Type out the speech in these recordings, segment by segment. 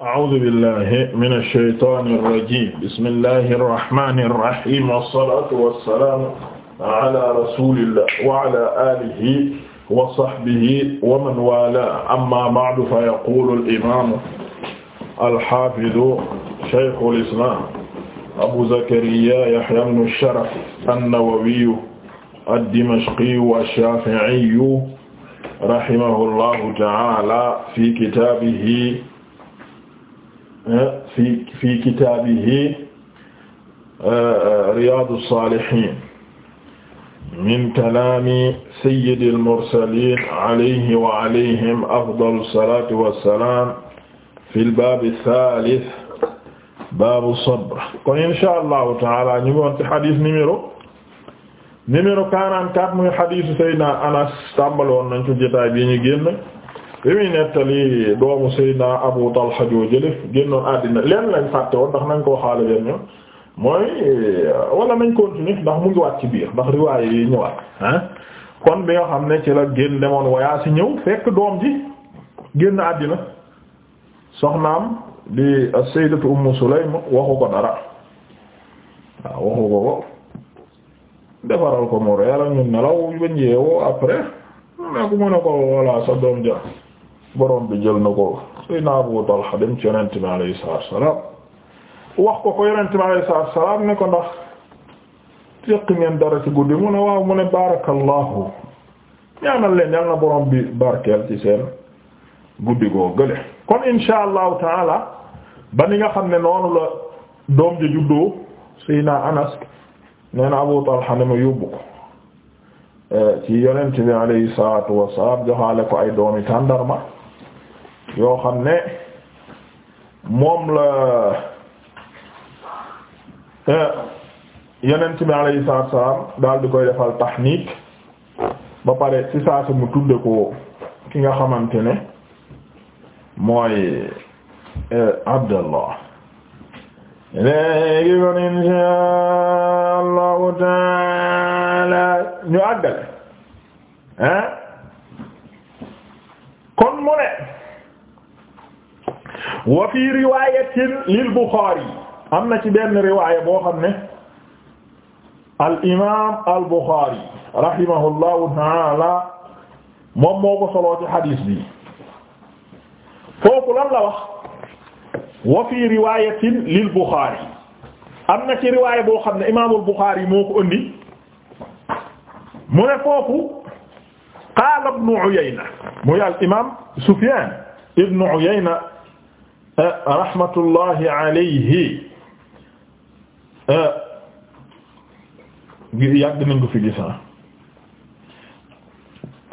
a'uuzu billahi mina shaytaani rajiim bismillahi rahmaani rahiim wassalaatu wassalaamu alaa rasuulillah wa alaa aalihi wa sahbihi wa man waalaahu ammaa ba'du fa yaquulu al-imaamu al-haafidu shaykhul islaam abuu zakariyaa yahyaa ibnu sharaf an-nawawiyyu ad-dimashqiyyu ash-shaafi'iyyu rahimahullaahu ta'aalaa fi kitaabihi fi fi kitaabihi uh, uh, Riyaadu Saalihiin min kalaami sayyidil mursaliin alayhi wa alayhim afdalu salaati wa salaam fil baabi saalis baabu sabr kon incha allahu taala ñu ngi woon ci xadis numéro numéro 44 muy xadisu Seydina Anas tàmbaloon nañ ko jotaay bi ñu génn. bi muy nettali doomu Seydina Abu Talha joo jële génnoon àddina leen lañ fàtte woon ndax nañ koo xaale leen ñu mooy euh, wala nañ continuer ndax mu ngi waat ci biir ndax riwaay yi ñëwaat ah kon bi nga xam ne ci la génn demoon wayaa si ñëw fekk doom ji génn àddina soxnaam di Sayyidatu Ummu Sulaym waxu ko dara waaw waxu ko ko defaral ko mu reer ñu nelaw bañ yeewoo après mu ne ko ko walla sa doom ja boroom bi jël na ko Seydina Abu Talha dem ci yonent bi alayhi salaam wax ko ko yonent bi alayhi salaam ne ko ndax yëq ngeen dara ci guddi mu ne waaw mu ne barakallahu ñaanal leen yal na borom bi barkeel ci seen guddi goo gële kon insha allahu taala ba ni nga xam ne noonu la doom ja juddoo Seydina Anas nee Abu Talha ne ma yóbbu ko eh, ci yonent bi alayhi salaatu wa joxaale ko ay doomi tàndarma yoo xam ne moom la eh, yonent bi alayhi salaatu salaam daal di koy defal tahnik ba pare ci saasi mu tudde ko ki nga xamante ne mooy eh, Abdallah léegi kon inshaa Allahu taala ñu àggale ah kon mu ne wa fi riwaayatin lil Bukhari am na ci benn riwaaya boo xam ne al imaam al Bukhari rahimahullahu taala moom moo ko soloo ci xadiis bi foofu lan la wax wa fi riwaayatin lil Bukhari am na ci riwaaya boo xam ne imaamul Bukhari moo ko indi mu ne foofu qaala ibnu Uyayna muy al imaam Sufyaan ibnu Uyayna rahmatullahi alayhi yàgg nañ ko fi gis ah.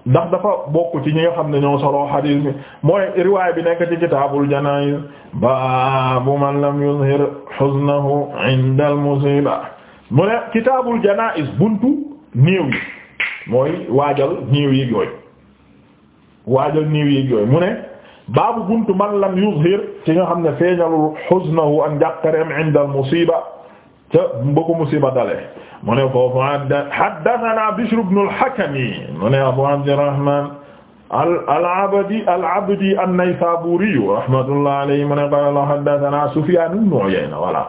ndax dafa bokk ci ñi nga xam ne ñoo solo xadiis bi mooy riwaay bi nekk ci kitaabul janaa'iz baabu man lam yuzhir huznahu inda al mu ne kitaabul janaa'iz buntu néew mooy waajal néew yi yooyu waajal néew yi mu ne baabu buntu man lam yuzhir ci nga xam ne feeñalul xusnahu an njàqareem inda al musiba ca mbokku musiba dale mu ne foofu haddathana Bishr ibn al-Hakam mu ne Abu Abdirrahman al-Abdi al-Abdi an-Naysaburi rahmatullahi alayhi mu ne qala haddathana Sufyan ibn Uyayna voilà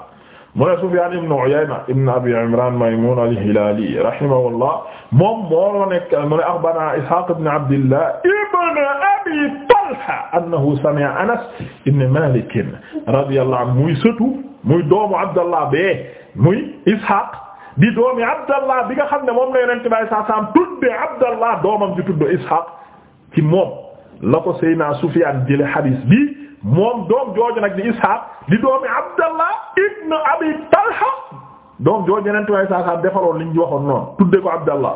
mu ne Sufyan ibn Uyayna ibn Abi Imran Maymun al-Hilali rahimahullah moom moo nekk mu ne akhbarana Ishaq ibn Abdillah ibn Abi talha annahu sami'a anas ibn malik radiyallahu anhu muy sëtu muy doomu abdallah bee muy ishaq di doomi abdallah bi nga xam ne moom la yonente bay sa tudde abdallah doomam di tudde ishaq ci moom la ko seyna sufyan jële hadis bi moom doom jooju nag di ishaq di doomi abdallah ibn abi talha doom jooju yonente bay sa sam defaloon liñ waxoon tudde ko abdallah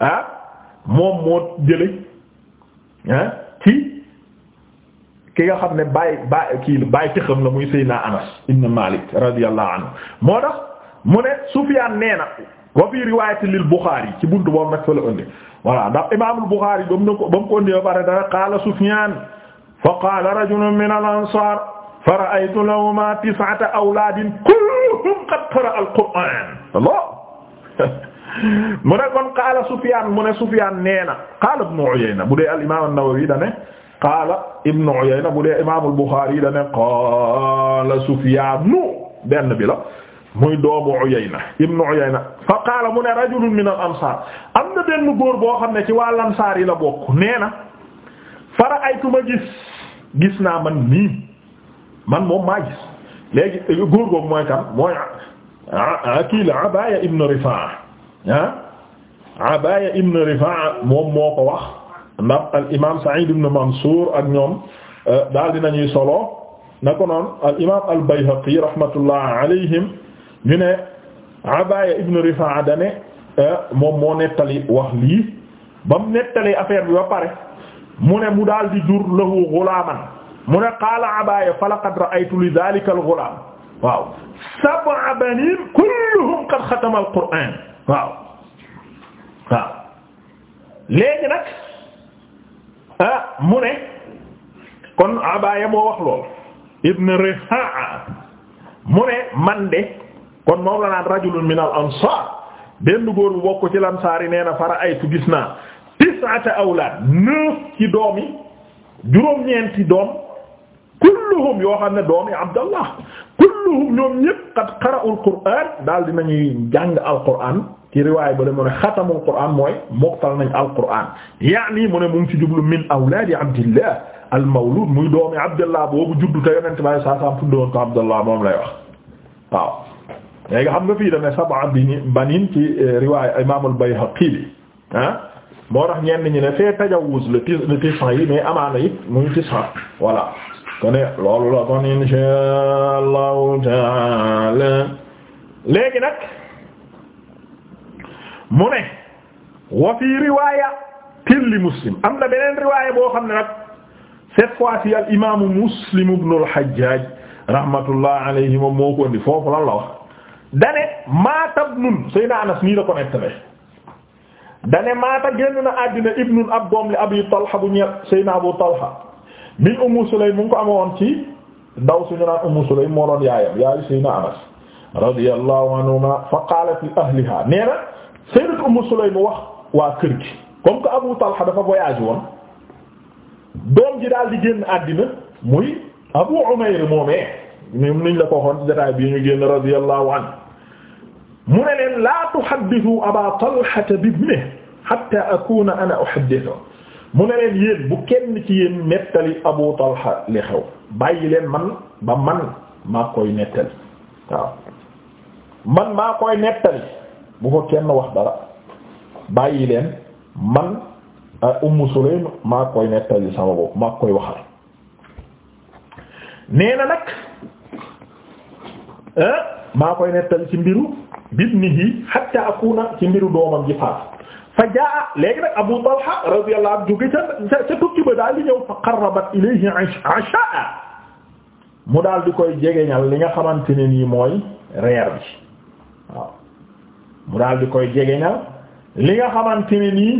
ah moom moo jële ah, ki nga xam ne bàyyi bàyyi kii la bàyyi tëxam la muy Seydina Anas ibn Malik radiyallahu anhu moo tax mu ne Sufyaan nee na wa fii riwaayati lil Buxaari ci buntu boobu nag fa la ëndi voilà ndax imaamul Buxaari ba mu ne ko ba mu ko ëndi ba pare dara qaala Sufyaan fa qaala rajulun min al ansaar fa ra'aytu lahumaa tis'ata awlaadin kulluhum qad qara'a al qur'aan Allah mu ne kon qaala Sufyaan mu ne Sufyaan nee na qaala Ibnu Uyayna bu dee al imaam an-Nawawi da ne qaala Ibn Uyayna bu dee imaamul Buxaari da ne qaala Sufyaanu benn bi la muy doomu Uyayna Ibn Uyayna fa qaala mu ne rajulun min al ansaar am na benn góor boo xam ne ci waa ansaar yi la bokk nee na fara aytu ma gis gis naa man nii man moom maa gis léegi góor boobu mooy kan mooy ah, kii la Abaaya ibn Rifaa ah Abaaya ibn Rifaa moom moo ko wax. ndax al imaam Sa'id ibn Mansour ak ñoom euh, daal dinañuy solo na ko noon al imaam al Bayhaqi rahmatullah alayhim ñu ne Abaya ibn Rifa'a dane euh, moom moo nettali wax lii ba mu nettali affaire bi ba pare mu ne mu daal di jur lahu ghulaman mu ne qaala Abaya fa laqad ra'aytu li dhalika al ghulam waaw sab'a banin kulluhum qad khatama al qur'an waaw waaw léegi nag ah mu ne kon abaya moo wax lool ibn rihaa mu ne man de kon moom la naan rajulun min al ansar benn góor bu bokk ci lansaar yi nee na fara gis naa tis'ata awlaad neuf ci doom yi juróom-ñeenti doom kulluhum yoo xam ne doom yi abdallah kulluhum ñoom ñépp qad qara'u al qur'aan daal dinañuy jàng al qur'aan ci riwaay ba la mu ne xatamul qur'an mooy moqtal nañ alqur'an yaani mu mu ngi ci jublu min awlaadi abdillah almawlud muy doomi abdillah boobu juddu te yonent bi saa saa tuddoon ko abdillah moom lay wax waaw. léegi xam nga fii da ne sab'a banin ci eh, riwaay imaam al-Bayhaqi bi ah moo tax ñenn ñi ne fee tajawuz le tis le tisan yi mais amaana it muy tisan voilà kon loolu la kon insha Allahu taala léegi nag. mu ne wa fi riwaya tin li muslim am na beneen riwaya boo xam ne nag cette fois-ci al imaamu muslim ibnu al-Hajjaj rahmatullah alayhi moom moo ko indi foofu lan la wax dane maata ibnun sayna anas nii la ko nettale dane maata génn na àddina ibnun ab doom li abi talha bu ñeet sayna abu talha min ummu sulaym mu ngi ko amoon ci ndaw suñu naan ummu sulaym moo doon yaayam yaayu sayna anas radiyallahu anhuma fa qalat li ahliha neena Sayyidatu Umm Sulaym wax waa kër gi comme que Abu Talha dafa voyage woon doom ji daal di génn àddina muy Abu Umayr moomee ñoom niñ la ko waxoon ci jotaay bii ñu génn radiyallahu anhu mu ne leen laa tuhaddithu Aba Talha bi ibnihi hatta akuna ana uhaddithu mu ne leen yéen bu kenn ci yéen nettali Abu Talha li xew bàyyi leen man ba man maa koy nettali waaw man maa koy nettali. bu ko kenn wax dara bàyyi leen man euh, Ummu Sulaym maa koy nettali sama bopp maa koy waxal nee na nag euh, maa koy nettali ci mbiru bibnihi hatta na ci mbiru doomam ji faat fa jaa léegi nag Abu Talha radiyallahu anhu jóge ca ca tukki ba daal di ñëw fa qarrabat ilayhi ashaa mu daal di koy jegeñal li nga xamante ne nii mooy reer bi waaw mu daal di koy jegeñal li nga xamante ne nii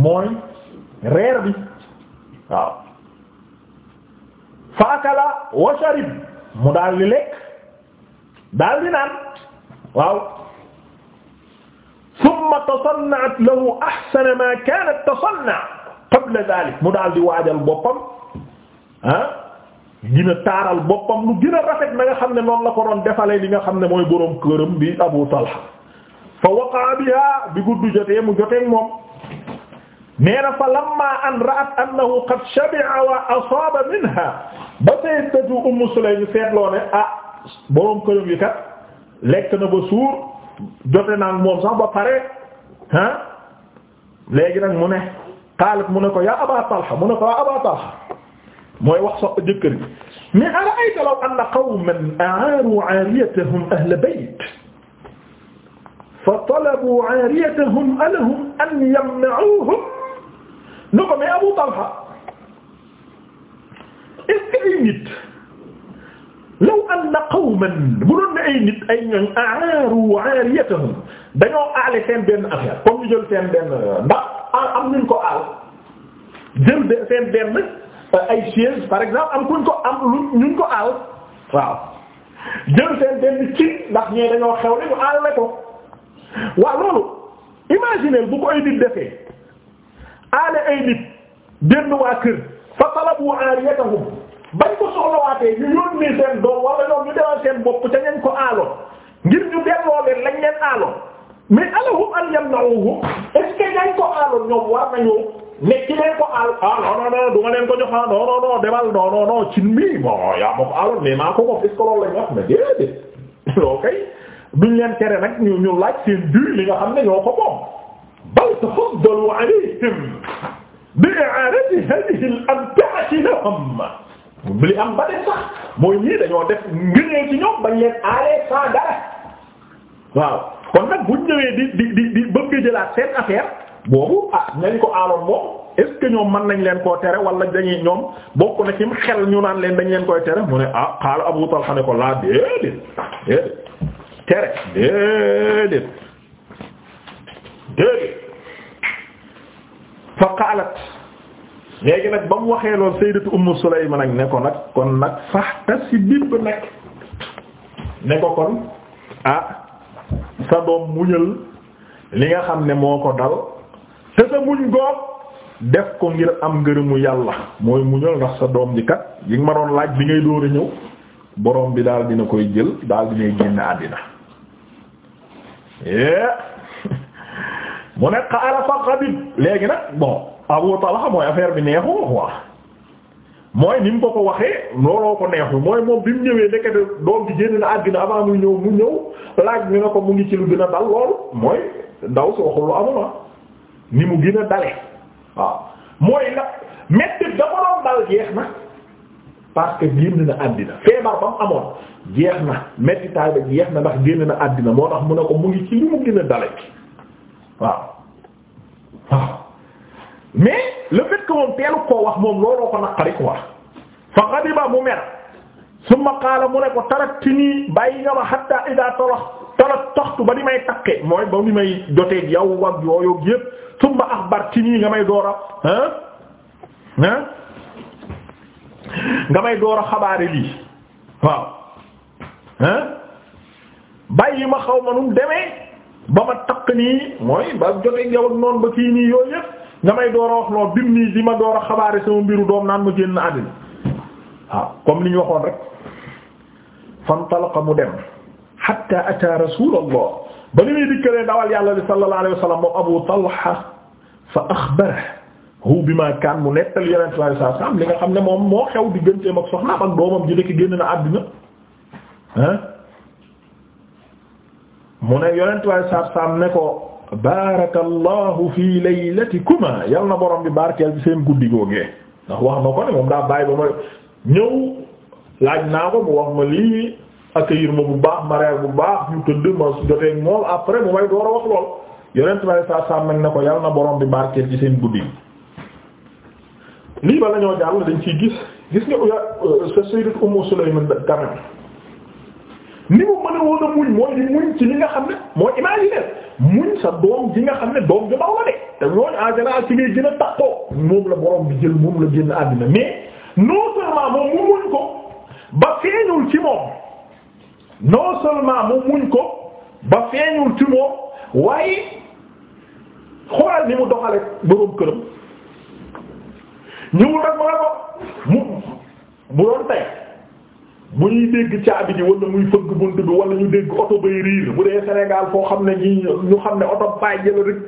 mooy reer bi waaw fa akala wa sharib mu daal di lekk daal di naan waaw thumma tasanna'at lahu ahsana ma kanat tasanna' qabla dhalik mu daal di waajal boppam ah gina taaral boppam lu gën a rafet na nga xam ne noonu la ko doon defalee li nga xam ne mooy boroom këram bi Abu Talha fa waqaa biha bi guddu jotee mu joteeg moom nee na fa lamma an ra'at annahu qad shabi'a wa asaaba minha ba sayyidatu ummu sulaym seetloo ne ah boroom këram yi kat lekk na ba suur jote naag moom sax ba pare ah léegi nag mu ne qaalat mu ne ko yaa aba talha mu ne ko yaa aba talha mooy wax sa jëkkër gi mais ara'ayta law anna qawman a'aaru 'aariyatahum ahla bayt fa talabuu aariyatahum alahum an yamna'uuhum nu ko mais Abu Talha est-ce que ay nit law anna qawman bu doon ne ay nit ay ñoñ aaru aariyatahum dañoo aale seen benn affaire comme ñu jël seen benn ndax am nuñ ko aal jël seen benn euh, ay chaise par exemple am kuñ ko am lu ñuñ ko aal waaw jël seen benn ci ndax ñee dañoo xew le ñu aal la ko waaw loolu imaginez bu ko ay nit defee aale ay nit génn waa kër fa talabu ariyatahum bañ ko soxlawaatee ñu yónnee seen doom wala ñoom ñu dewal seen bopp ca ngeen ko aaloon ngir ñu delloo leen lañ leen aaloon mais alahum an yamna'uhu est-ce que dañ ko aaloon ñoom war nañu nekk ki leen ko aal ah du ma leen ko jox ah non non non demal cin mi bon yaa ma ko aaloon maa ko moom est-ce que loolu la ñu wax duñ leen tere nag ñu ñu laaj seen dûr li nga xam ne ñoo ko moom bal tafaddalu alayhim bi i'aarati hadhihi al-amta'ati lahum li am ba def sax mooy ñii dañoo def ngënee ci ñoom bañ leen aaree sans waaw kon nag bu ñëwee di di di di bëgg jëlaat seen affaire boobu ah ñañ ko aaloon moom est-ce ñoom mën nañ leen koo tere wala dañuy ñoom bokk na ci xel ñu naan leen dañ leen koy tere mu ne ah xaala Abu Talha ne ko laa déedéet déedéet tere déedéet déedéet fa qaalat léegi nag ba mu waxee lool sayyidatu ummu sulayma nag ne ko nag kon nag fahtasibib nag ne ko kon ah sa doom muñal li nga xam ne moo ko dal te sa muñ goog def ko ngir am ngërëmu yàlla mooy muñal ndax sa doom ji kat yi ma doon laaj bi ngay dóor a ñëw borom bi daal dina koy jël daal dinay génn àddina mu ne xaala fa xabit léegi nag bon Abu Talha mooy affaire bi neexu quoi mooy ni mu ko ko waxee looloo ko neexu mooy moom bi mu ñëwee nekkati doom bi génn na àddina avant mu ñëw mu ñëw laaj ñu ne ko mu ngi ci lu gën a dal loolu mooy ndaw si waxul lu amuma ah. ni mu gën a dale mooy nag metti da ko doon dal na parce que na àddina feebar ba amoon jeex na mettitaay ba jeex na ndax génn na àddina moo tax mu ne ko mu ngi ci li mu gën a dale waaw waaw mais le fait moom teelu koo wax moom looloo ko naqari quoi fa xadiba mu mer summa qaala mu ne ko tarattinii bàyyi nga ma hatta ida tolox tolox toxtu ba di may takke mooy ba ni may joteeg yow wag yooyu yëpp summa axbartinii nga may door a ah nga may door xabaare lii waaw ah bàyyi ma xaw ma nu demee ba ma takk nii mooy ba jote ak noonu ba kii nii nga may door wax lool bim nii di ma door a xabaare sama mbiru doom naan ma génn àddina waaw comme li waxoon rek fantalaqa mu dem hatta ata rasulallah ba ni muy dikkalee dawal yàlla li sallallahu alayhi wa sallam moom Abu Talha fa axbarahu bima kaan mu nettali yonent sallallahu alayhi wa sallam li nga xam ne moom moo xew digganteem ak soxnaam ak doomam ji dëkk génn na àddina mu ne yonentuwaay saab saab ne ko baarakallahu fi laylatikuma yal na borom bi barkeel bi seen guddi googee ndax wax na ko ne moom daa bàyyi ba ma ñëw laaj naa ko mu wax ma lii accueillir ma bu baax ma reer bu baax ñu tëdd ma jotee moom après mu may door a wax lool yonentuwaay saab saab nag ne ko yal na borom bi barkeel ci seen guddi lii ba la jàll dañ ciy gis gis nga euh, sa sayyidat Ummu ni mu mën a woon muñ mooy di muñ ci li nga xam ne mooy imaginer muñ sa doom ji nga xam ne doom ju ndaw la de te moom la bi jël moom la génn àddina mais non seulement moom mu muñ ko ba feeñul ci moom non seulement mu muñ ko ba feeñul ci moom waaye xoolal ni mu doxale borom këram ñëwul rek ma ne mu bu doon tey. bu ñuy dégg caabi ji wala muy fëgg bunt bi wala ñu dégg oto bay riir bu dee Sénégal foo xam ne ñi ñu xam ne oto bày jëla rek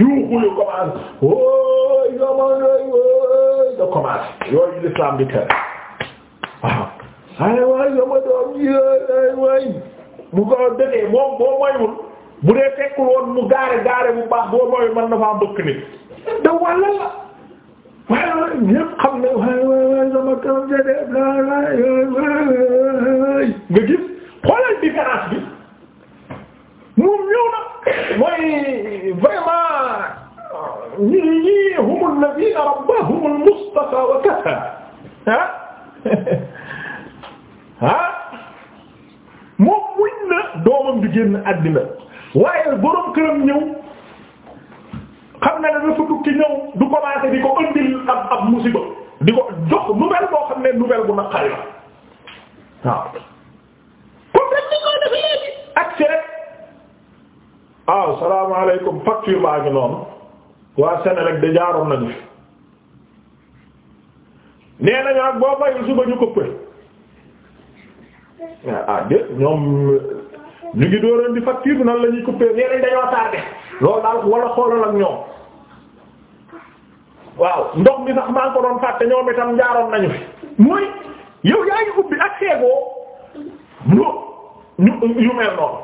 yuuxuyu commencé wooy gaman yooyu wooy da commencé yooyu l'islam bi tere waaw ay waay sama doom yi ay waay bu ko defee moom boo moyul bu dee fekkul woon mu gaare gaare bu baax boo moyul mën na faa mbëkk nit da wàlla la waaye waaye ñépp xam ne waaye waaye sama kaw jëlee waaye waaye waaye nga gis xoolal différence bi moom ñëw na mooy vraiment ñi ñii humul ladina rabbahumul mustafa wa kafa ah ah moom muñ na doomam di génn àddina waaye borom këram ñëw. xam na ne dafa tukki ñëw du commencé di ko ëndil ab ab musiba di ko jox nouvelle boo xam ne nouvelle bu naqari la waaw. comme rek ni ko def ak ci rek waaw ah, salaamaaleykum facture baa ngi noonu waa Sénégal de jaaroon nañu fi nee nañu nag boo bayul suba ñu këppee ah, ah dé ñoom. ñu ngi di facture bi nan lañuy ñuy couper ñeneen dañoo tardé loolu daal wala xoolal ak ñoom waaw ndox mi sax maa ngi ko doon fàtte ñoom itam njaaroon nañu fi mooy yow yaa ngi ubbi ak seegoo ñu yu mel noonu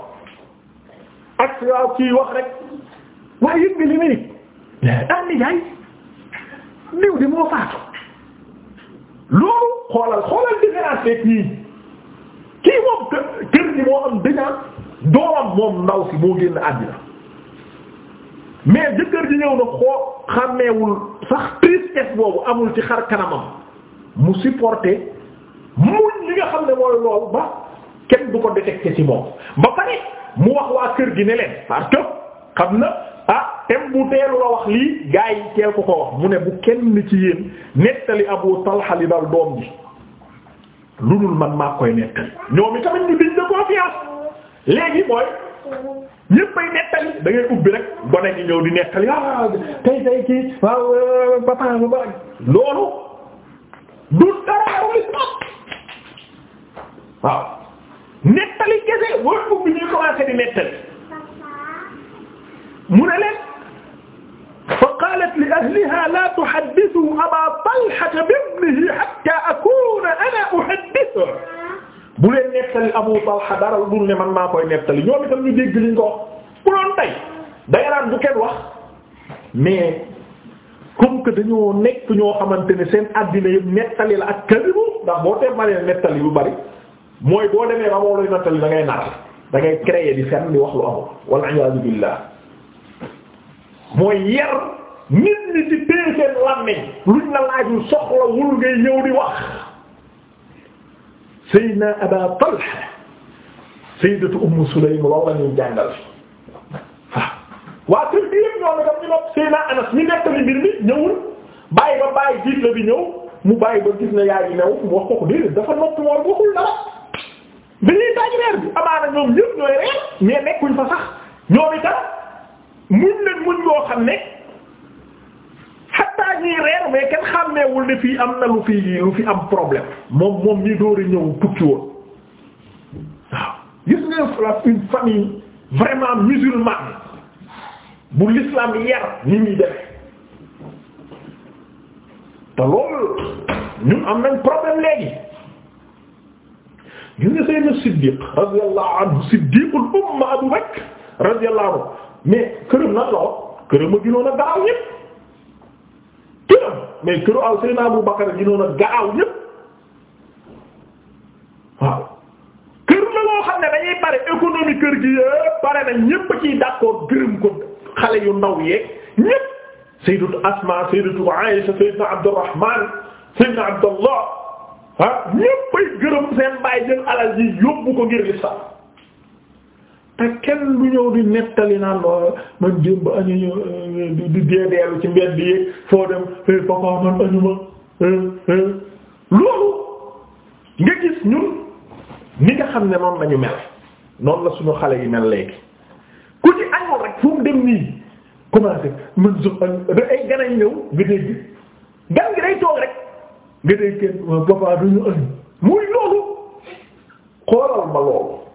ak waaw kii wax rek waaye yëg nga li muy am ni jaay néew di moo faatu loolu xoolal xoolal différence bi kii moom kër gi moo am dënaa doomam moom ndaw si moo génn àddina mais jëkkër ji ñëw na xoo xàmmeewul sax tristesse boobu amul ci xar kanamam mu supporter muñ li nga xam ne mooy loolu ba kenn du ko détecté ci moom ba pare mu wax waa kër gi ne leen parce que xam na ah tem mu teelu la wax lii gaa yi teel ko ko wax mu ne bu kenn ci yéen nettali Abu Talha doom ji lu dul man maa koy nettali ñoom itamit ñu diñ de confiance léegi mooy ñëpp ay nettali da ngay ubbi rek gone gi ñëw di nettali ah tey tey kii waaw papa euh, ba loolu du dara waaw nettali kese booy ubbi ñuy commencé di nettali mu ne leen fa qalat li ahliha la tuhaddithu aba talha ibnihi hatta akuna ana uhaddithu bu leen nettali Abu Talha dara lu ne man maa koy nettali ñoom itam ñu dégg liñ ko wax bu doon tey danga bu kenn wax mais comme que dañoo nekk ñoo xamante ne seen àddina yëpp nettali la ak karibu ndax boo te ma leen nettali bu bari mooy boo demee ba moo lay nettali da ngay nar dangay ngay créer di fenn di wax lu amul walla iyaazu billaah mooy yar nit ñi ci téye seen làmmiñ luñ la laajul soxlawul ngay ñëw di wax Seydina Aba Talha Sayyidatu Ummu Sulaym loolu la ñuy jàngal waaw waa kër gi yëpp ñoo ne daf ñu nopp Seydina Anas mi nettali mbir mi ñëwul bàyyi ba bàyyi jiit la bi ñëw mu bàyyi ba gis na yaay yi new mu wax ko ko dafa noppi woon waxul dara bi ñuy daaj reer bi amaana ñoom ñëpp ñooy reer mais nekkuñ fa sax ñoom itam muñ leen muñ boo xam ne. xataa ñuy reer mais kenn xàmmeewul ne fii am na lu fi lu fi am problème moom moom ñi door ñëw tukki woon waaw gis nga une famille vraiment bu l'islam yar ni muy def te loolu ñun am nañ problème léegi gis nga Seydina Siddiq radiyallahu anhu siddiqul umma Abu Bakr radiyallahu anhu mais këram na lool këram a ginoon a daaw ñépp këram mais këru aw Abu Bakar ñu noon a gaaw ñépp kër la loo xam ne dañuy pare économie kër gi yépp pare na ñépp ciy d'accord gërëm ko xale yu ndaw yeeg ñépp Sayyidatu Asma Sayyidatu Aisha Sayyidina Abdullah ah ñépp ay gërëm seen bàyyi jël alal ji ko ngir li sax te kenn du ñëw di nettali naan oh, man jéem añu ñu euh, di deedeelu ci mbedd yi foo dem eh, papa man añu ma eh, eh. loolu nga gis ñun ni nga xam ne moom lañu mel noonu la suñu xale yi mel léegi ku ci añoon rek fu dem nii commencé man sox da ay gan ay ñëw nga dégg gan gi day toog rek nga dégg kenn papa duñu añ muy loolu xoolal ma loolu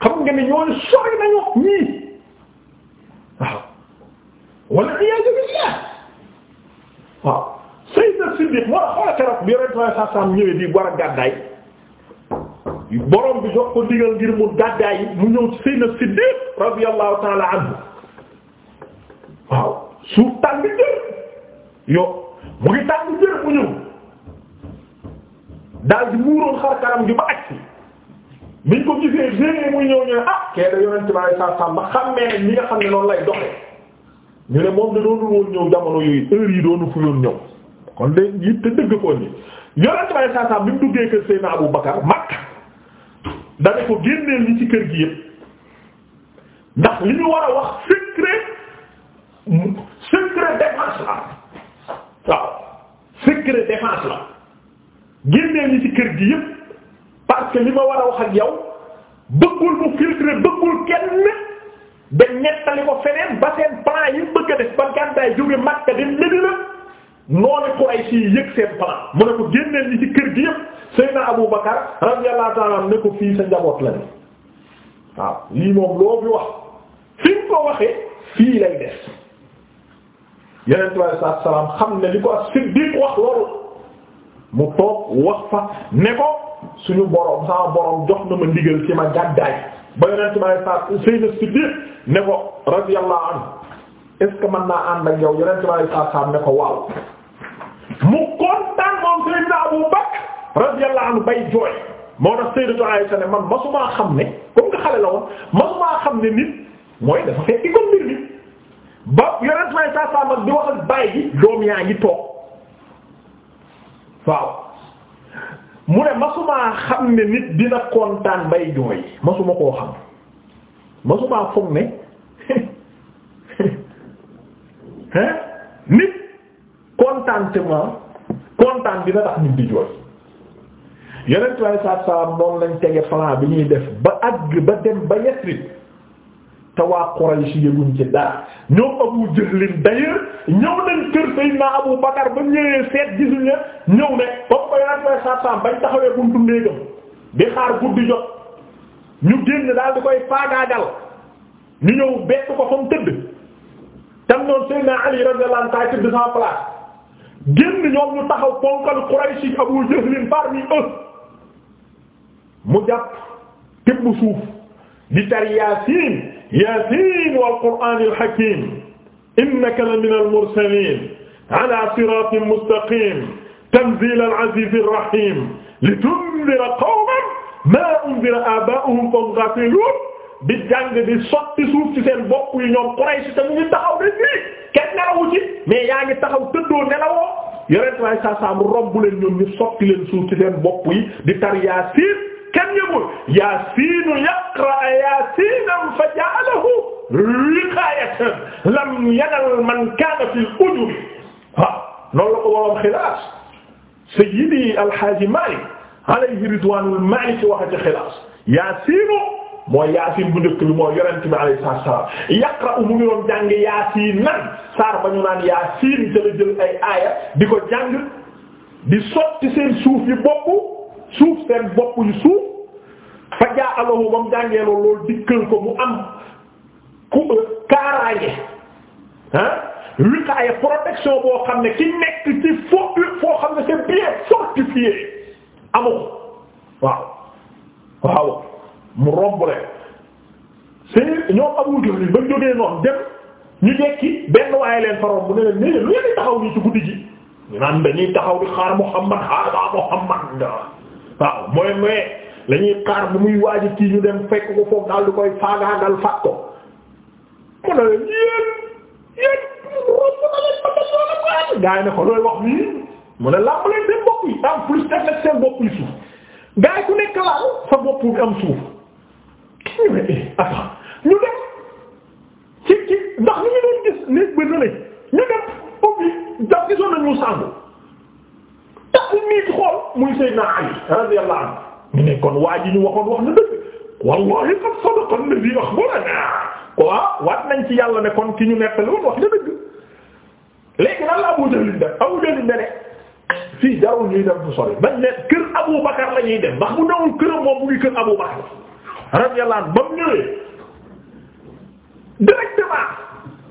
xam nga ne ñooñu sori nañu ñii waaw wala iyaazu billah waaw Sayyidna Siddiq moo xoola bi Yonent sallallahu alayhi wa sallam di war a gàddaay bi jox ko ngir mu gàddaay mu ñëw ci Siddiq radiyallahu ta'ala anhu waaw suuf tàng jër yo mu ngi tàng jër mu ñëw daal di muuroon xar kanam gi ba biñ ko gisee génne muy ñëw ñu ah kee da yonent bi saa saa ba xam ne ñi nga xam ne noonu lay doxee ñu ne moom da doonul woon ñëw jamono yooyu heure yi doonu fu yoon ñëw kon de it te dëgg ko ni yonent bi saa saa bi mu kër ko génneel ñi kër gi yëpp ndax li ñu war a wax secret secret défense la waaw secret défense la génneel ñi ci kër gi yëpp. parce que li ma war a wax ak yow bëggul mu filtrer bëggul kenn ba nettali ko feneen ba seen plan yi bëgg a def ba gàddaay jóge Makka dem Medina noonu Quraysh yi yëg seen plan mu ne ko génneel ñi ci kër gi yëpp Abu Bakar radiyallahu ta'ala ne ko fii sa njaboot la ne waaw lii moom loo fi wax fi nga ko waxee fii lay des yeneen bi salaam xam ne li ko as Siddiq wax loolu mu toog wax fa ne ko suñu borom sama borom jox na ma ndigal ci ma gàddaay ba yonent ma ne saa ne ko radiyallahu anhu est-ce naa ànd ak yow yonent ma ne ne ko waaw mu kontaan moom Seydina Abu Bakr radiyallahu anhu bay jooy moo tax Sayyidatu ne man masumaa xam ne comme nga xale la woon masumaa xam ne nit mooy dafa fekk ko mbir mi ba yonent ma ne saa saa mag di wax ak baay ji doom yaa ngi toog waaw. mu ne masumaa xam ne nit dina kontaan bay jooy masuma koo xam masumaa foog ne hein nit contentement kontaan dina tax nit di jooy yeneen trois cent salaam noonu lañ tege plan bi ñuy def ba àgg ba dem ba Yasrib te waa Quraysh yëguñ ci dara ñoom Abu Jahlin d'ailleurs ñëw nañ kër Seydina Abu Bakar ba ñëwee seet gisuñ leen ñëw ne comme ko yonent may saab bañ taxawee buntu néegam di xaar guddi jot daal di koy faagaagal ñu ñëw bett ko fa mu tëdd tam noonu Seydina Ali radiyallahu anhu taay tëdd place génn ñoom ñu taxaw ponkal Quraysh Abu Jahlin parmi mu jàpp tëbb suuf di tari Yaasiin yaasiin wal qur'aanil hakiim innaka laminal mursaliin alaa siraatin mustaqiim tanziilal aziizir rahiim litundira qawman maa undira aabaa'uhum fahum gaafiluun di jàng di sotti suuf ci seen bopp yi ñoom Quraysh te mu ngi taxaw di fii kenn nelawu ci mais yaa ngi taxaw tëddoo nelawoo yore waaye saa saa mu romb leen ñoom ñu sotti leen suuf ci seen bopp yi di tar yaasiin kenn yëgul yaasiinu yaqra yaasiinan fa ja'alahu liqaayatan lam yanal man kaana fil ujubi waaw noonu la ko waroon xilaas sayyidi alxaaji Maalik alayhi ridwaanul Maalik waxati xilaas yaasiinu mooy yaasiin bu njëkk bi mooy yonent bi alayhi salaam yaqra mu ngi doon jàng yaasiinan saar ba ñu naan yaasiin jël ay aaya di ko jàng di sotti seen suuf yi bokku suuf seen bopp yu suuf fa jaa alahu ba mu jàngee loolu loolu dikkal ko mu am ku euh, kaaraange ah wiqaaya protection boo xam ne ki nekk ci fo foo xam ne c'est bien fortifié amoo waaw waaw mu romb rek c'est ñoom amul jëli ba jógee noonu dem ñu dekki benn waaye leen faroon bu ne leen lu yéen taxaw nii ci guddi gi ñu naan dañuy taxaw di xaar Muhammad xaar ba Muhammad waaw mooy mooy la ñuy xaar bu muy waaji kii ñu dem fekk ko foofu daal di koy faagaagal faat ko mu ne leen yéen yéen romb na leen ba ko gaa yi ne ko looy wax nii mu ne làmb leen seen bopp yi en plus def nag seen bopp yi suuf gaa yi ku nekk laal sa bopp bi am suuf ñu ne eh, attends ñu dem ci ci ndax ñu doon gis néeg ba na ñu dem ubbi daf gisoon nañu sàngu taxu nii xool muy Seydina Ali radiyallahu anhu ñu ne kon waa ji ñu waxoon wax na dëgg wallahi qad sadaqa alladhi akhbarana waaw waat nañ ci yàlla ne kon ki ñu nettali woon wax na dëgg léegi nan la Abu Jahl def Abu Jahl ne fii jarul ñuy dem bu sori bañ ne kër Abu Bakar la ñuy dem ndax bu newul këram moom mu ngi kër Abu Bakar radiyallahu anhu ba mu ñëwee directement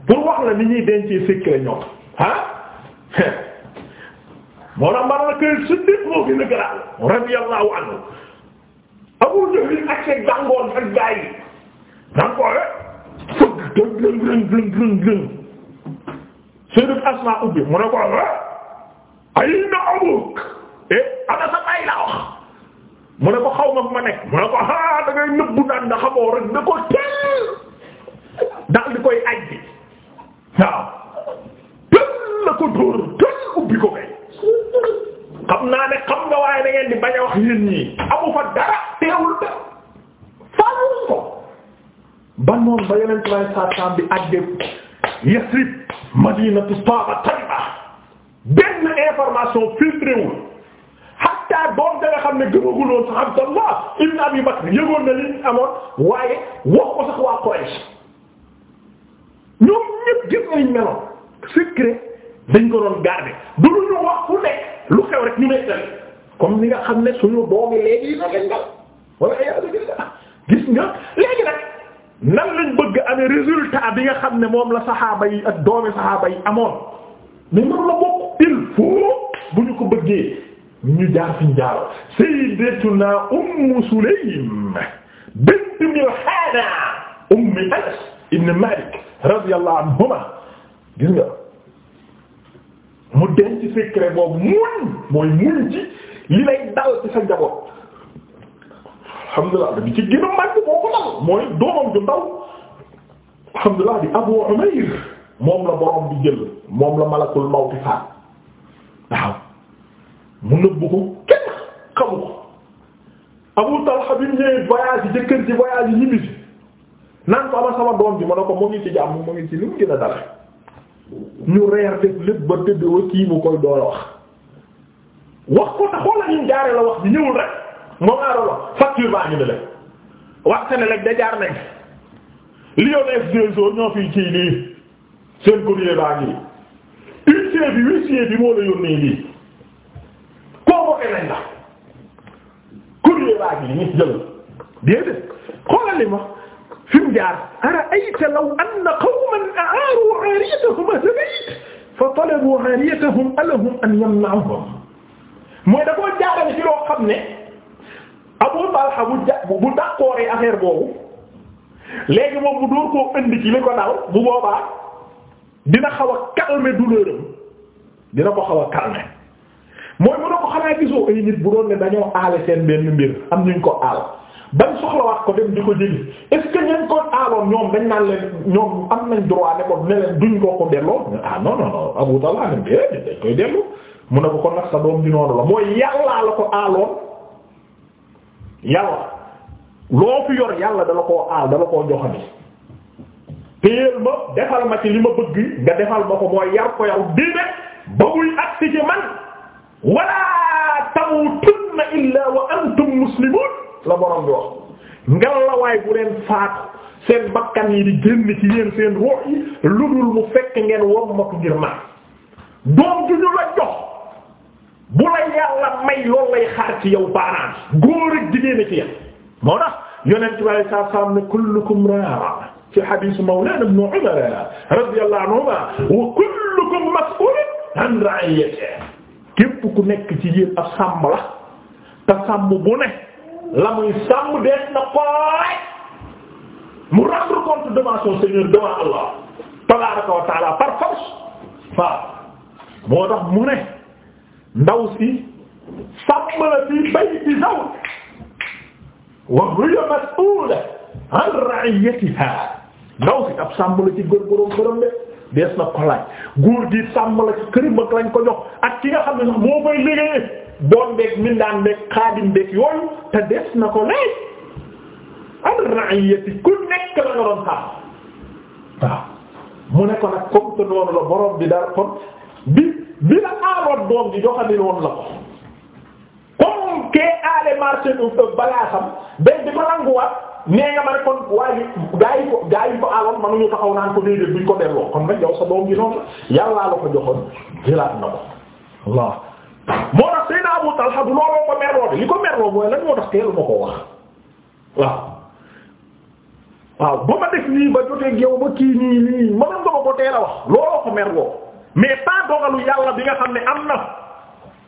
pour wax la ni ñuy dencee secret ñoom ah moo tax man la kër Siddiq moo gën a garaaw radiyallahu anhu Abu Jahl ak seen gàngoon ak gaa yi gàngoon rek fëgg ubbi mu ne ko ayna abuk eh ana sa baay mu ne ko xaw mu ne ko ah nëbbu naan nga xamoo rek da ko koy ajji waaw teel la ko dóor teel ubbi ko kay. xam naa ne xam nga waaye da ngeen di wax nit ñi fa dara teewul da faaluñ ko ba noonu ba yeneen trois bi àgg Yasrib madinatu Taba Tayba benn information filtré wul hatta doom da nga xam ne gëmaguloon sax Abdallah ibn Abi Bakr yëgoon na amoon waaye wax sax waa Quraysh ñoom ñëpp gis nañ meloon secret dañ ko doon du lu ñu wax ku lu xew rek ñu may ni nga xam ne suñu doomi léegi na leen dal wala gis nga léegi nag nan lañ bëgg am résultat bi nga xam ne moom la saxaaba yi ak doomi saxaaba yi amoon mais mën la il faut bu ñu ko bëggee ñu jaar fi ñu jaaroon sayyidatuna ummu sulaym bint milhana ummi anas ibn malik radiyallahu anhuma gis nga mu denc secret boobu muñ mooy muñ ci li lay dal ci sa njaboot alhamdulilah bi ci gën a màgg boo ko mooy doomam ju ndaw alhamdulilah di Abu Umayr moom la borom bi jël moom la malakul mawti faat waaw mu nëbb ko kenn xamu ko Abu Talha bi ñëwee voyage yi jëkkër ci voyage yi ñibbisi naan ko ama sama doom bi moo ne ko mu ngi ci jàmm mu ngi ci li gën a dal ñu reer def lépp ba tëdd wa kii mu koy doole wax wax ko tax walla ñu jaaree la wax bi ñëwul rek moom laa doon wax facture baa ngi ne leen wax ne leg da jaar nañ Lyonès Deso ñoo fi kii nii seen courrier baa ngi huissier bi huissier bi moo la yónnee lii convoqué nañ la courrier baa ngi nii jël déedéet xoolal li ma fi mu jaar ara ayta law anna qawman a'aru 'aridahum talabu ariyatahum alahum an yamna'uhum mooy da koo jaarale ci loo xam ne Abu Talha bu ja bu d'accord affaire boobu léegi moom bu dóor koo indi ci li ko dal bu boobaa dina xaw a calmer douleuram dina ko xaw a calmer mooy mu ne ko xanaa gisoo ay nit bu doon ne dañoo aale seen benn mbir am ñu ko aal. bañ soxlawaat ko dem di ko jëli est ce que aaloon ñoom dañ naa leen ñoom am nañ droit ne ko ne leen duñ ko ko delloo ah non Abu Talha ne déedéet dañ koy dellu mu ne ko kon nag sa doom di noonu la mooy yàllaa la ko aaloon yàlla loo fi yor yàlla dala koo aal dala koo joxani téyeel ma defal ma ci li ma bëgg nga defal ma ko mooy yar ko yaw diine ba muy agsi ci man wala tamutunna illa wa antum muslimun la borom bi wax la waay bu leen faatu seen bakkan yi di génn ci yéen seen ruux yi lu mu fekk ngeen wommatu ngir maa doom ju ñu la bu la yàlla may loolu lay xaar ci yow baaraan góor ak jigéen ci yéen moo tax yonent bi alayhi salaam ne kullukum raa ci hadiisu mawlaana ibnu umar radiyallahu anhumaa wa an ra'iyyatihi képp ku nekk ci yéen ab sàmm la te sàmm bu ne. la muy sàmm dees na ko laaj mu rendre compte devant son Seigneur devant Allah tabaraka wa par force waaw moo tax mu ne ndaw si sàmm la fii bayti zawj wa hiya mas'ula an ra'iyatiha ndaw si ab sàmm la ci góor borom borom na ko laaj góor gi sàmm la ci kërim ak lañ ko jox ak ki nga xam moo koy liggéey doon beeg mindaan beeg xaadim beeg yooyu te des na ko laaj al ra'iyati ku nekk la nga doon xam waaw mu ne ko nag comme que noonu la borom bi daal kon bi bi la aaroon doom di joxandil ko comme balaasam day di ko nanguwaat nee nga ma ne kon waa gaa yi ko gaa yi ko aaloon mënuñu taxaw naan ko déedéet buñ ko delloo kon nag yow sa doom gi noonu la la ko joxoon jëlaat na ko waaw. moo tax Seydina Abu Talha du looloo ko meroo de li ko meroo mooy lan moo tax teelu ma ko wax waaw waaw ba ma def nii ba jotee yow ba kii nii nii mënoon nga ma ko a wax looloo ko meroo mais pas dogalu yàlla bi nga xam ne am na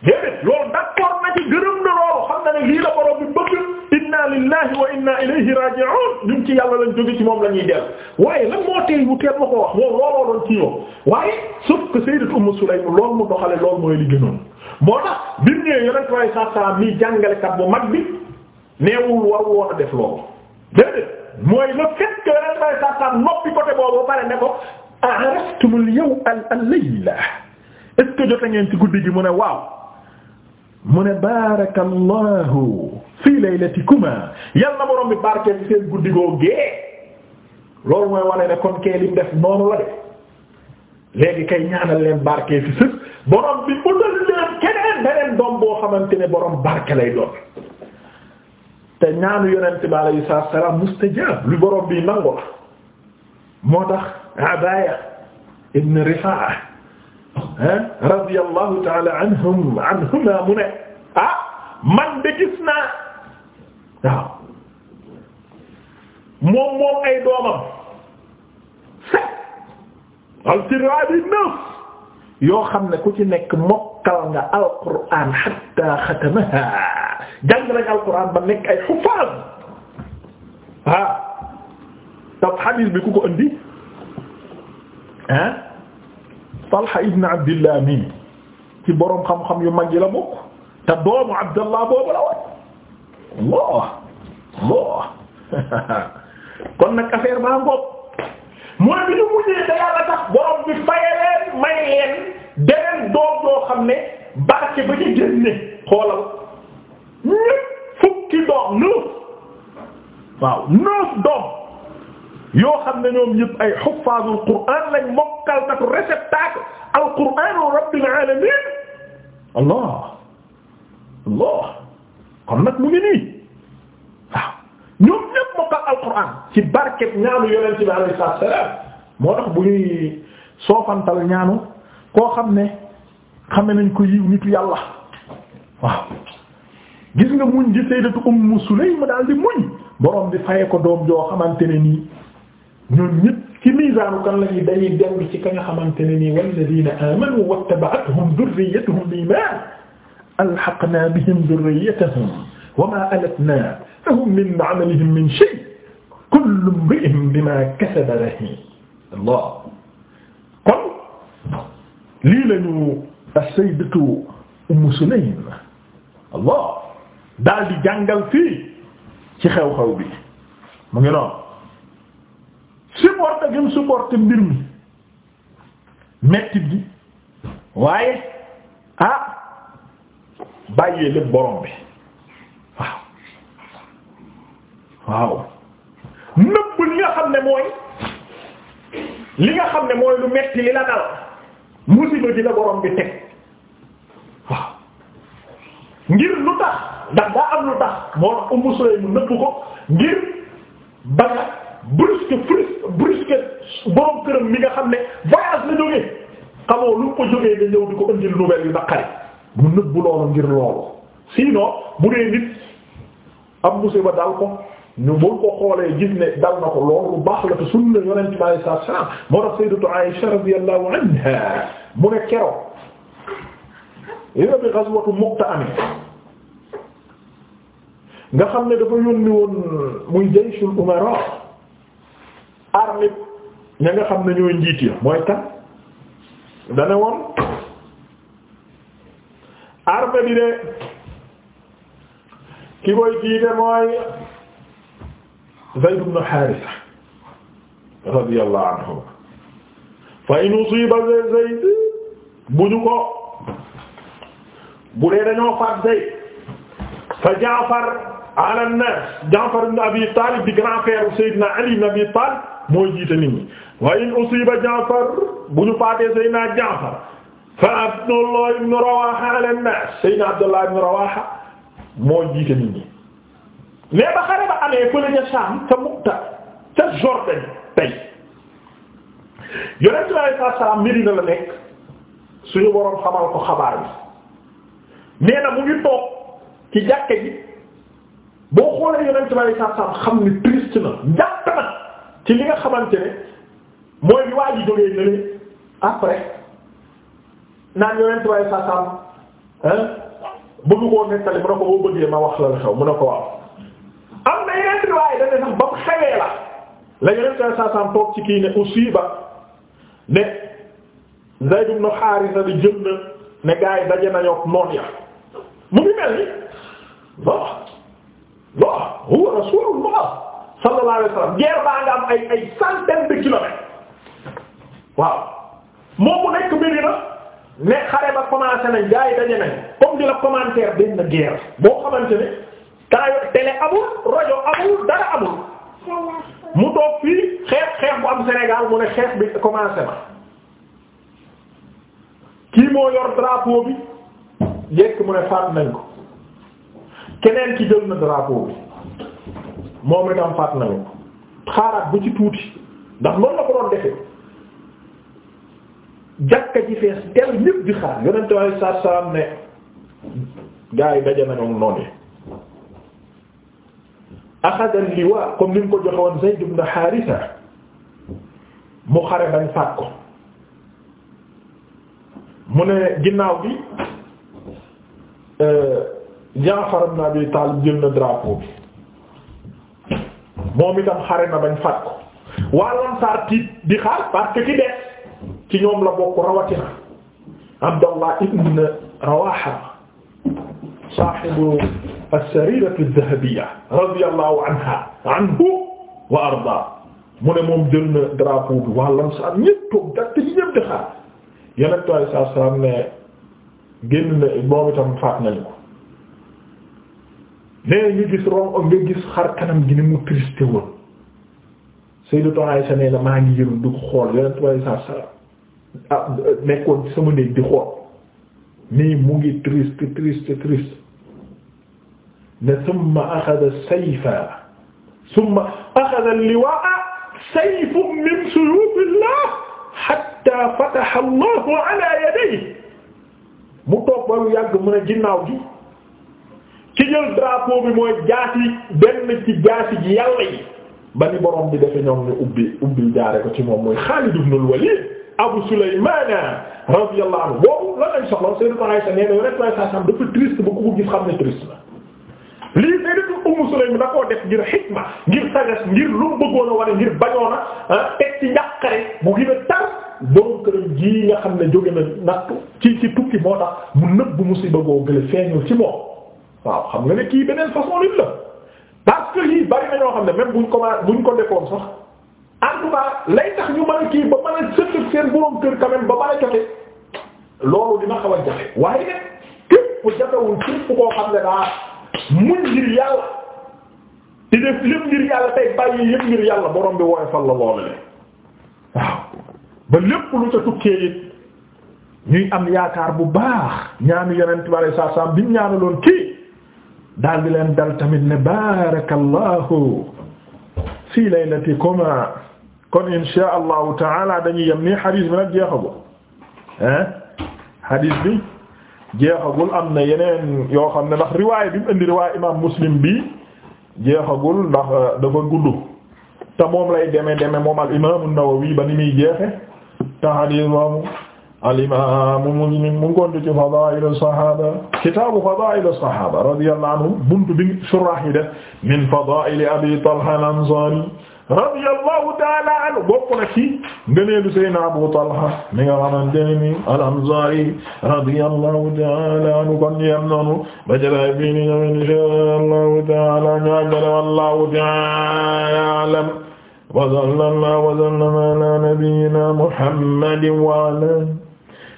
déedéet loolu d'accord na ci gërëm na loolu xam na ne lii la borom bi bëgg inna lillahi wa inna ilayhi raji'un ñun ci yàlla lañ jóge ci moom la ñuy dell waaye lan moo tey bu teel ma ko wax moom looloo doon ci yow waaye sauf que sayyidatu Umm Sulaym loolu mu doxale loolu mooy li gënoon moo tax bi mu ñëwee yonent waaye saa saa mi jàngalekat bu mag bi neewul war woon a def loolu déedéet mooy le fait que yonent waaye saa saa noppi côté boobu ba ne ko a'raftumul yawma al-layla est-ce que ngeen ci guddi gi mu ne waaw. mu ne barakallahu fii laylatikuma yal na borom bi barkeel ci seen guddigoo gée loolu mooy wane ne kon kee def noonu la def léegi kay ñaanal leen barkee fi sëf borom bi utal leen keneen beneen doom boo xamante ne borom barke lay doon te ñaanu yonente bi alayhi salaatu wa salaam mustajaab lu borom bi nangu la moo tax abaya ibn rifaa radiyallahu ta'ala ne ah man de moom moom ay doomam sept alciraadi yoo xam ne ku ci nekk mokkal nga alquran hatta xatamaha jàng nañ alquran ba nekk ay xufaaz ah taw xadiis bi ku ko indi ah Talha ibn Abdillah nii ci xam-xam yu ma yi la bokk te doomu Abdallah boobu la woon loo loo kon nag affaire baa ngoog mooy bi ñu mujjee da tax boroom bi faye leen may doom loo xam ne barke ba ñu génne xoolal ñépp fukki doom neuf waaw doom yoo xam ne ñoom ñëpp ay xuffaazul qur'aan lañ mokkalkatu réceptacle al qur'aan rabbil aalamiin allah allah kon nag mu ngi nii waaw ñoom ñëpp mokkal al qur'aan ci barket ñaanu yonent bi alayhi moo tax bu ñuy soofantal ñaanu koo xam ne xame nañ ko yiw nitu yàlla waaw gis nga muñ di sayyidatu ummu sulaym daal di muñ borom di faye ko doom joo xamante ne nii ñoom ñëpp ci misaanu kan lañuy dañuy dellu ci ka nga xamante ne nii walladina amanu wattaba'athum dhurriyyatuhum bi iman alhaqna bihim dhurriyyatahum wama alatnahum min amalihim min shay kullu imri'in bima kasaba rahin Allah kon lii lañu as-sayyidatu Umm Sulaym Allah daal di jàngal fii ci xew-xew bi mu ngi noonu supporté gi mu supporté mbir mi mettit gi waaye ah bàyyee lépp borom bi waaw waaw li nga xam ne mooy li nga xam ne mooy lu metti li la dal musiba di borom bi teg ngir lu tax ndax daa am lu tax moo tax Ummu Sulaym nëbb ko ngir ba nga brusque brusque borom mi nga xam ne voyage la jógee xamoo lu ko jógee nga di ko indil nouvelle yu naqari mu nëbbu loolu ngir loolu sinon bu dee nit am musiba dal ko ñu bul ko xoolee gis ne na ko loolu lu baax la te sunna yonent bi alayhi salaatu salaam moo tax sayyidatu Aisha radiyallahu anha mu ne keroog yéna bi ghazwatu Mu'ta amee nga xam ne dafa yónni woon muy jayshul umara armée ña nga xam ne ñooy njiit ya mooy kan dane woon armée bi de ki koy jiite mooy Zayd ibn Haarisa radiyallahu anhu fa in usiba Zayd bu ñu ko bu dee dañoo faat Zayd fa Jaafar ala an-naas Jaafar ibn Abi Taalib di grand frère Seydina Ali ibn Abi Taalib mooy jiite nit ñi wa in usiba Jaafar bu ñu faatee Seydina Jaafar fa Abdullah ibn Rawaha ala nas Seydina Abdullah ibn Rawaha mooy jiite nit ñi mais ba xare ba amee fële ca Saam ca Mu'ta ca Jordan tey yonent bi alayhi salaam Medina la nekk suñu boroom xamal ko xabaar bi nee na mu ngi toog ci jàkke ji boo xoolee yonent bi alayhi salaam xam ni triste na njàpp na ci li nga xamante ne mooy bi waa ji jógee na leen après naan waaye sa sam hein bëgg koo nettali mu ne ko boo bëggee ma wax la xew mu ko waaw am na yeneen riwaay dañ ne sax ba mu xewee la la yonent waaye sa sam toog ci kii ne usiba ne Zayd ibn Haarisa di jëm na ne gaa yi daje nañu ak noon ya mu ngi mel ni bon bon huwa Rasulullah sallallahu alayhi ay ay waaw moom mu nekk Medina ne xare ba commencé nañ gars yi daje nañ comme di la commentaire benn guerre boo xamante ne tayo télé amul rajo amul dara amul mu toog fii xeex xeex bu am Sénégal mu ne xeex bi commencé na kii moo yor drapeau bi jekk mu ne faat nañ ko keneen ki jël na drapeau bi moom itam faat nañu xaaraat bu ci tuuti ndax noonu la ko doon defee jàkka ji fees del ñépp di xaar yonente alayhi salaatu salaam ne gaa yi daje nañu noonu axada liwa comme ni mu ko joxewoon Zayd ibn Haarisa mu xare bañ faat ko mu ne ginnaaw bi euh, Jaafar ibn Abi Taalib jël na drapeau bi moom itam xare na bañ faat ko waa di xaar parce ki des ci ñoom la bokk rawatina Abdallah ibn Rawaha saahibu as-sarirati adh-dhahabiyya radiyallahu anha wa arda mu ne moom jël na drapeau bi waa lansaar ñépp toog datte di xaar yenentu alei saat salaam ne nee ñu gis ron nga gis xar kanam gi ni mu triste woon Sayyidatu Aisha nee na maa ngi yëru di xool yonent bi sallallahu alayhi wasallam ah nekkoon ci sama néeg di xool nii mu ngi triste triste triste ne summa axada sayfa summa axada liwaa sayfun min suyufillah hatta fataha Allahu ala yadayhi mu toog ba lu mu ne ginnaaw gi ki jël drapeau bi mooy jaasi benn ci jaasi ji yàlla yi ba ni bi dafa ñoom ñu ubbi ubbi jaare ko ci moom mooy Xaalid ibnul Waliid Abu Sulaymaan radiyallahu anhu boobu lan lañ soxla Sayyidatu Aysa dafa triste ba ko gis xam ne triste na. lii Sayyidatu Ummu Sulaym da koo def ngir xikma ngir sagas ngir lu mu bëggoon a wane ngir bañoon ah, teg ci njàqare bu gën a tar borom këram ji nga xam ne jóge na nattu ci ci tukki moo tax mu nëbb musiba gële feeñul ci moom. waaw xam nga ne kii beneen façon nit la parce yii bari na ñoo xam ne bu buñ ko buñ ko defoon sax en tout cas lay tax ñu mën a kii ba mën a sëkk seen borom kër quand ba mën a loolu dina xaw a waaye nag képp ku jafewul képp koo xam ne daa muñ ngir yàlla di def lépp ngir yàlla tey bàyyi yëpp ngir yàlla boroom bi wooye fal la loolu le waaw ba lépp lu ca tukkee it ñuy am yaakaar bu baax ñaanu yeneen tubaab yi saa saa bi ñaanu kii. daal di leen dal tamit ne barakallahu fi laylatikuma kon insha taala dañuy yem nii xadis bi nag jeexagul ah xadis bi jeexagul am na yeneen yoo xam ne ndax riwaay bi mu indi riwaay muslim bi jeexagul ndax euh, dafa gudd te lay deme deme moom al imam nawawi ba ni muy jeexe te xadis moomu alimamu muslim mu ngi konti ci fadailu sahaba kitaabu fadailu sahaba radiyallahu anhum buntu bi surah yi def min fadaili abi talha al-ansari radiyallahu ta'ala anhu bokk na ci ngëneelu sayna abu talha mi nga xamante ne ni al-ansari radiyallahu ta'ala anhu kon ñu yem noonu ba jëlaay bii ni ñoom inshallahu ta'ala ñu àggale wallahu ta'ala a'lam wa sallallahu wa sallama ala nabiyyina muhammadin wa ala